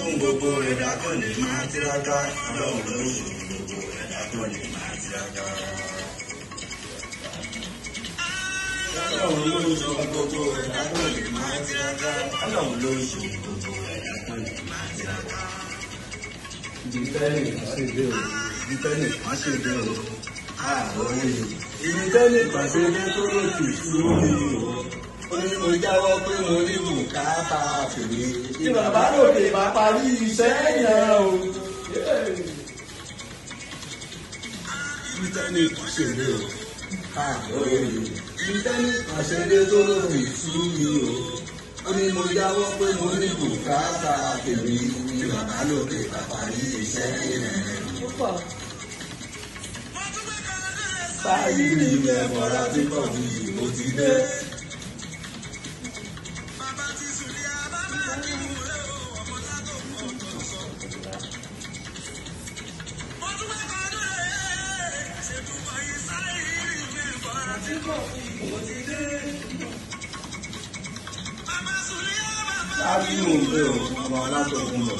fún gbogbo ẹ̀dá tó lè máa tiraka ọlọ́run ló ṣe gbogbo ẹ̀dá tó lè máa tiraka. ọlọ́run ló ṣe gbogbo ẹ̀dá tó lè máa tiraka ọlọ́run ló ṣe gbogbo ẹ̀dá tó lè máa tiraka. jìbìtẹ́lì kan ṣe dé o jìbìtẹ́lì kan ṣe dé o ààrẹ ìbìtẹ́lì kan ṣe dé tó lò tì sí lórí o jáwọ́ pé mo ní bùkátà fèrè. kí bàbá lòdì bá parí iṣẹ́ yẹn o. nítẹ́ni ìpàṣẹlẹ o káàkiri o nítẹ́ni ìpàṣẹlẹ tó lòun ìtú mi o ó ní mo jáwọ́ pé mo ní bùkátà fèrè kí bàbá lòdì bá parí iṣẹ́ yẹn o báyìí ni ilé ẹ̀fọ́ra ti pọ̀ ju ìbò ti dé. Ṣáájú òun bẹ́ẹ̀ ọmọ alátọ̀kùn lọ.